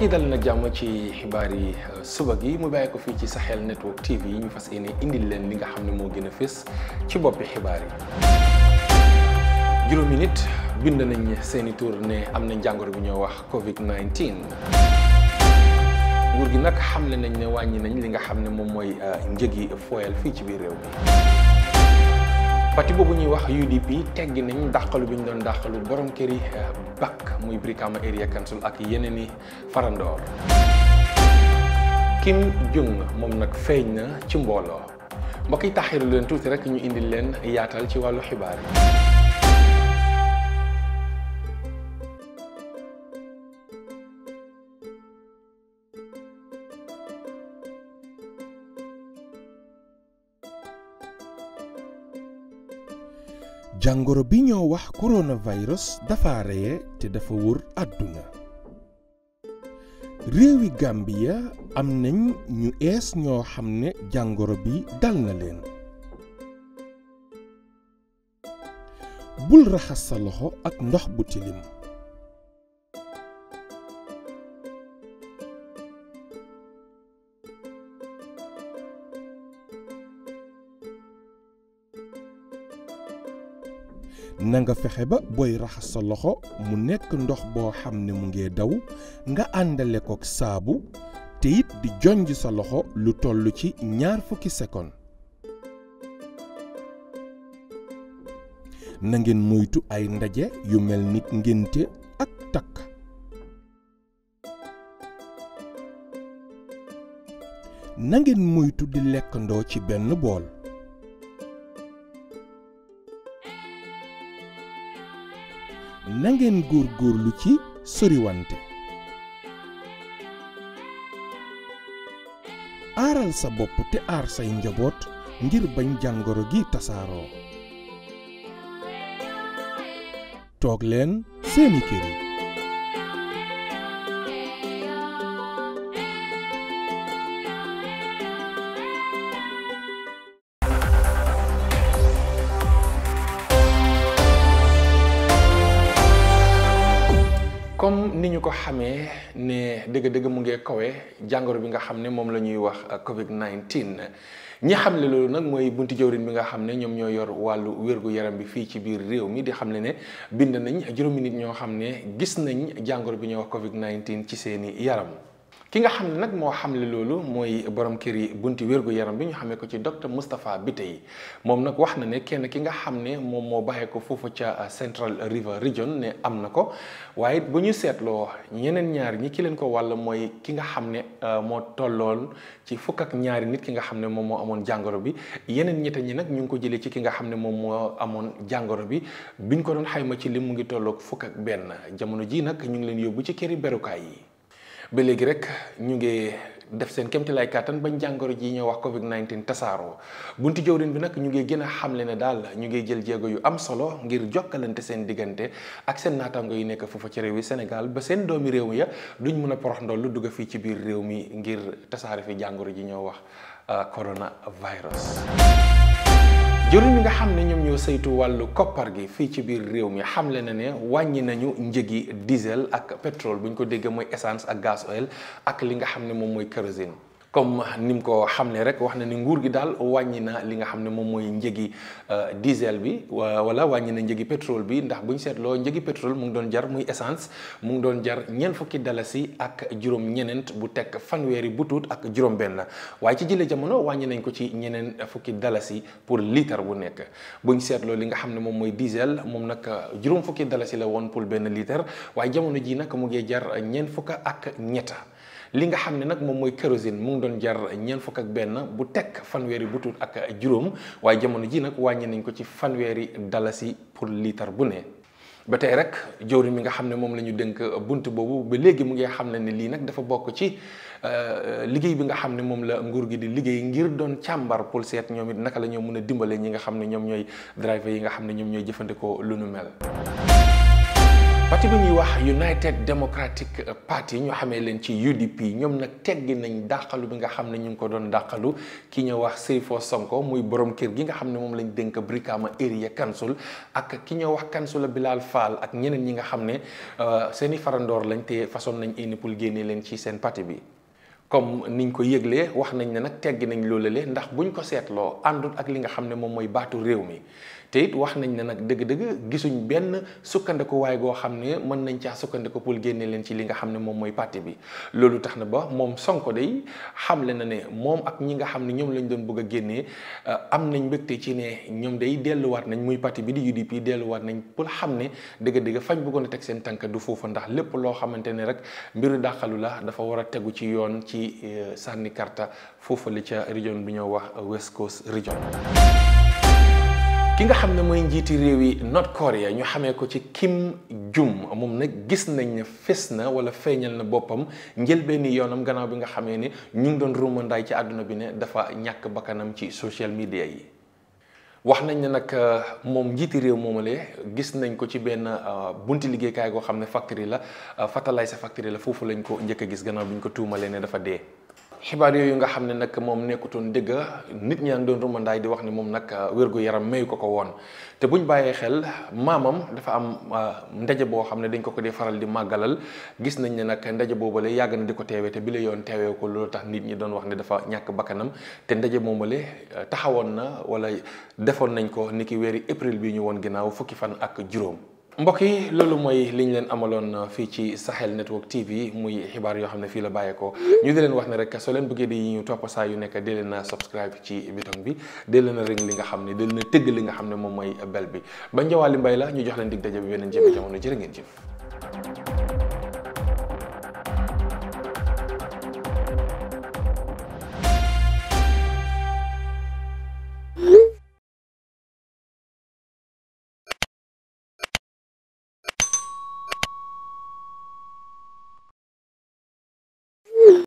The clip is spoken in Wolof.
mbokk yi dal nag jàmm ci xibaar yi euh, suba gi mu bàyyi ko fii ci Sahel Network TV ñu fas yéene indil leen li nga xam ne moo gën a fës ci boppi xibaar yi juróomi nit bind nañ seeni tuur ne am na jàngoro bu ñoo wax Covid-19 nguur gi nag xamle nañ ne wàññi nañ li nga xam ne moom mooy euh, njëgi foyal fii ci biir réew mi parti boobu ñuy wax UDP teggi nañu dàqalu bi ñu doon dàqalu boroom kër yi BAC muy Brikama Area Council ak yeneen i farandoor Kim Jong moom nag feeñ na ci mbooloo mbokk yi taxiru leen tuuti rek ñu indi leen yaatal ci wàllu xibaar yi jàngoro bi ñoo wax coronavirus dafa reye te dafa wër àdduna réewi Gambia am nañ ñu ees ñoo xam ne jàngoro bi dal na leen bul raxas sa loxo ak ndox bu tilim nanga fexe ba booy raxas sa loxo mu nekk ndox boo xam ne mu ngee daw nga àndale ko saabu te it di jonj sa loxo lu toll ci ñaar fukki seconde na ay ndaje yu mel ni ngénte ak takk na ngeen moytu di lekkandoo ci benn bool nangeen góor góorlu ci sëriwante aaral sa bopp te aar say njaboot ngir bañ jàngoro gi tasaaroo toog leen seeni kër yi comme ni ñu ko xamee ne dëgg-dëgg mu ngee kawe jàngoro bi nga xam ne moom la ñuy wax euh, COVID-19 ñi xam ne loolu nag mooy bunti jawrin bi nga xam ne ñoom ñoo yor wàllu wérgu yaram bi fii ci biir réew mi di xam ne ne bind nañ juróomi nit ñoo xam ne gis nañ jàngoro bi ñuy wax COVID-19 ci seeni yaram ki nga xam ne nag moo xamle loolu mooy borom kër yi bunti wérgu yaram bi ñu xamee ko ci docteur Moustapha Biteye moom nag wax na ne kenn ki nga xam ne moom moo bàyyee ko foofu ca euh, Central River Region ne am na ko waaye bu ñu seetloo ñeneen ñaar ñi ki leen ko wàll mooy ki nga xam ne euh, moo tolloon ci fukk ñaari nit ki nga xam ne moom moo amoon jàngoro bi yeneen ñette ñi nag ñu ngi ko jëlee ci ki nga xam ne moom moo amoon jàngoro bi bu ñu ko doon xayma ci lim mu ngi tolloog fukk ak benn jamono ji nag ñu ngi leen yóbbu ci këri berukaay yi ba léegi rek ñu ngi def seen kéemtalaay kàttan bañ jàngoro ji ñoo wax Covid 19 tasaaroo buntu jëwrin bi nag ñu ngi gën a xamle ne daal ñu ngi jël jéego yu am solo ngir jokkalante seen diggante ak seen naataango yu nekk foofa ci réew yi Sénégal ba seen doomi réew ya duñ mun a porox ndool lu dugg fii ci biir réew mi ngir tasaare fi jàngoro ji ñoo wax euh, coronavirus. jëriñ li nga xam ne ñoom ñoo saytu wàllu koppar gi fii ci biir réew mi xamle na ne wàññi nañu njëgi diesel ak pétrole bu ñu ko déggee mooy essence ak gasoil ak li nga xam ne moom mooy kérosène comme ni mu ko xam ne rek wax na ni nguur gi daal wàññi na li nga xam ne moom mooy njëgi euh, diesel bi wala wàññi na njëgi pétrole bi ndax bu ñu seetloo njëgi pétrole mu ngi doon jar muy essence mu ngi doon jar ñeent fukki dalasi ak juróom ñeneent bu teg fanweeri butuut ak juróom benn waaye ci jële jamono wàññi nañ ko ci ñeneen fukki dalasi pour litre bu nekk bu ñu seetloo li nga xam ne moom mooy diesel moom nag euh, juróom fukki dalasi la woon pour benn litre waaye jamono ji nag mu ngi jar ñeent fukk ak ñetta li nga xam ne nag moom mooy kérosine mu ngi doon jar ñeent fukk ak benn bu tekk fanweeri butul ak juróom waaye jamono ji nag wàññi nañ ko ci fanweeri dalasi pour litre bu ne. ba tey rek jëwriñ mi nga xam ne moom la ñu dénk bunt boobu ba léegi mu ngi xam ne ne lii nag dafa bokk ci euh, liggéey bi nga xam ne moom la nguur gi di liggéey ngir doon càmbar pour seet ñoom it naka la ñoo mën a dimbalee ñi nga xam ne ñoom ñooy driver yi nga xam ne ñoom ñooy jëfandikoo lu nu mel. parti bi ñuy wax United Democratic Party ñu xamee leen ci UDP ñoom nag teggi nañ dàqalu bi nga xam ne ñu ngi ko doon dàqalu ki ñu wax Seyfo Sonko muy borom kër gi nga xam ne moom lañ dénk Brikama Area Council ak ki ñu wax Councilor bilaal Fall ak ñeneen ñi nga xam ne euh, seeni farandoor lañ te façon nañ indi pour génne leen ci seen pati bi. comme niñ ko yëglee wax nañ ne nag teggi nañ loolalee ndax buñ ko seetloo àndut ak li nga xam ne moom mooy baatu réew mi te wax nañ ne nag dëgg-dëgg gisuñ benn sukkandiku waay goo xam ne mën nañ caa sukkandiku pour leen ci li nga xam ne moom mooy parti bi loolu tax na ba moom Sonko day xamle na ne moom ak ñi nga xam ne ñoom lañ doon bëgg a génnee eh, am nañ mbégte ci ne ñoom day delluwaat nañ muy parti bi di UDP delluwaat nañ pour xam ne dëgg-dëgg fañ bëggoon a teg seen tànk du foofu ndax lépp loo xamante ne rek mbiru dàqalu la dafa war a tegu ci yoon ci euh, sànni karta foofa li ca région bi ñoo wax West Coast Region. ki nga xam ne mooy njiiti réew yi North Korea ñu xamee ko ci Kim Jong moom nag gis nañ ne fes na wala feeñal na boppam njëlbeen ni yoonam gannaaw bi nga xamee ne ñu ngi doon ruumandaay ci àdduna bi ne dafa ñàkk bakkanam ci social media yi. wax nañ ne nag euh, moom njiiti réew moom moomale gis nañ ko ci benn euh, bunti liggéeykaay goo xam ne factory la euh, Fatalay sa factory la foofu lañ ko njëkk a gis gannaaw bi ñu ko tuumalee ne dafa dee. xibaar yooyu nga xam ne nag moom nekkutoon dëgga nit ñaa ngi doon rumandaay di wax ne moom nag uh, wérgu yaram mayu ko ko woon te buñ bàyyee xel maamam dafa am uh, ndaje boo xam ne dañ ko ko di faral di màggalal gis nañ ne nag ndaje boobale yàgg na di ko teewee te bi la yoon teewee ko loolu tax nit ñi doon wax ne dafa ñàkk bakkanam te ndaje moomale uh, taxawoon na wala defoon nañ ko nit ki weeri avril bi ñu woon ginnaaw fukki fan ak juróom mbokk yi loolu mooy li ñu leen amaloon fii ci sa xel Network TV muy xibaar yoo xam ne fii la bàyyeekoo ñu di leen wax ne rek soo leen bëggee di ñu topp saa yu nekk dee leen a subscribe ci bitoŋ bi dee leen a ring li nga xam ne dee leen tëgg li nga xam ne moom mooy bel bi ba li mbay la ñu jox leen dig daje bi beneen jëme jamono jërë ngeen jëf